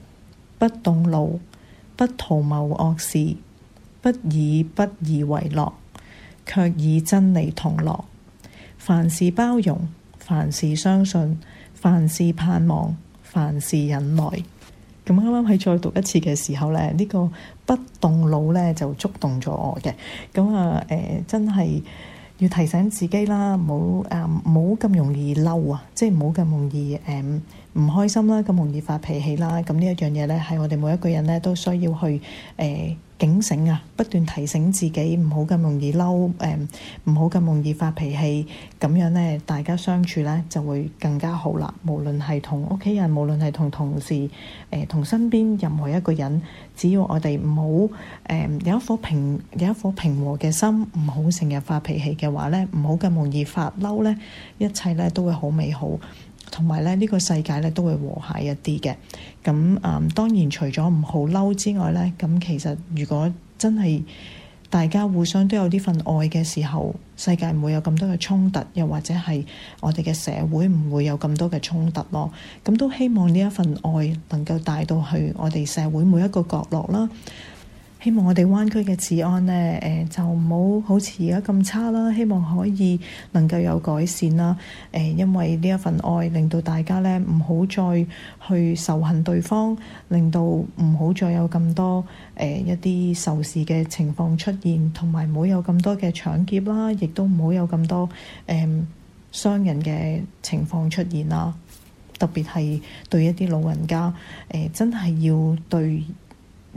不動怒，不圖謀惡事，不以不義為樂，卻以真理同樂。凡事包容，凡事相信，凡事盼望，凡事忍耐。咁啱啱喺再讀一次嘅時候咧，呢個不動腦咧就觸動咗我嘅。咁啊，誒真係要提醒自己啦，唔好啊，唔好咁容易嬲啊，即係唔好咁容易誒唔開心啦，咁容易發脾氣啦。咁呢一樣嘢咧，係我哋每一個人咧都需要去誒。呃警醒啊！不斷提醒自己唔好咁容易嬲，誒唔好咁容易發脾氣，咁樣呢，大家相處呢就會更加好啦。無論係同屋企人，無論係同同事，誒、呃、同身邊任何一個人，只要我哋唔好誒有一顆平有一顆平和嘅心，唔好成日發脾氣嘅話呢，唔好咁容易發嬲呢，一切呢都會好美好。同埋咧，呢個世界咧都會和諧一啲嘅。咁啊、嗯，當然除咗唔好嬲之外呢，咁其實如果真係大家互相都有呢份愛嘅時候，世界唔會有咁多嘅衝突，又或者係我哋嘅社會唔會有咁多嘅衝突咯。咁都希望呢一份愛能夠帶到去我哋社會每一個角落啦。希望我哋灣區嘅治安呢，誒、呃、就唔好好似而家咁差啦。希望可以能夠有改善啦。誒、呃，因為呢一份愛令到大家呢，唔好再去仇恨對方，令到唔好再有咁多誒、呃、一啲仇視嘅情況出現，同埋唔好有咁多嘅搶劫啦，亦都唔好有咁多誒、呃、傷人嘅情況出現啦。特別係對一啲老人家，誒、呃、真係要對。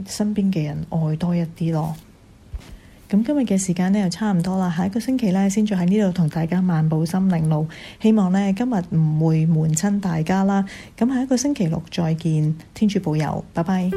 身邊嘅人愛多一啲咯。咁今日嘅時間呢，又差唔多啦，下一個星期呢，先再喺呢度同大家漫步心靈路。希望呢，今日唔會悶親大家啦。咁下一個星期六再見，天主保佑，拜拜。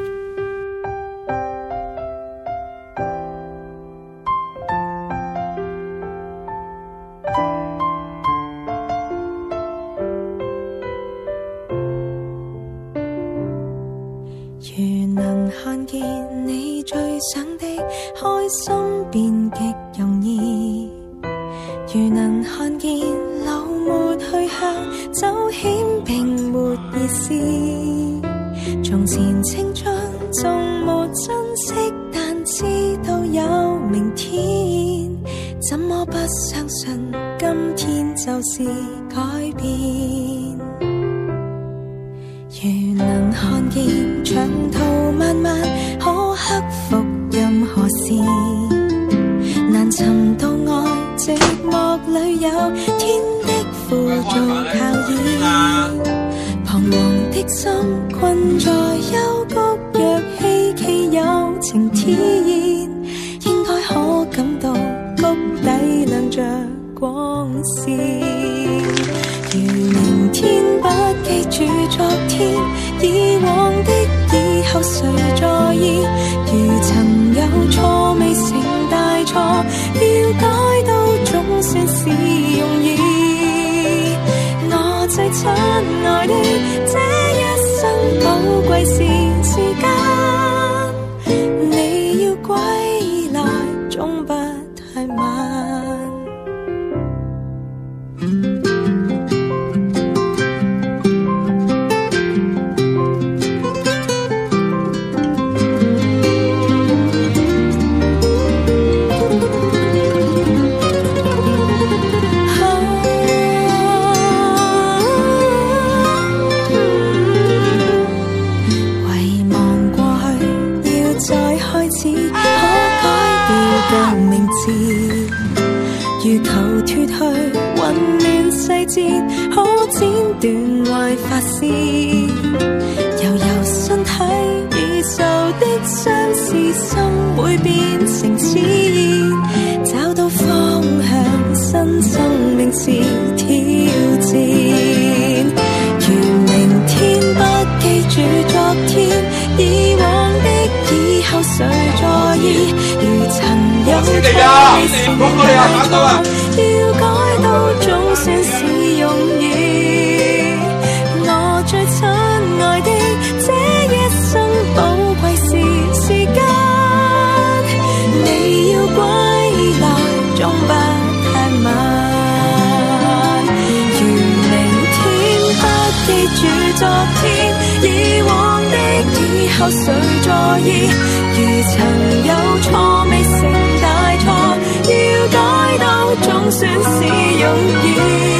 曾有錯，未成大錯，要改到總算是容易。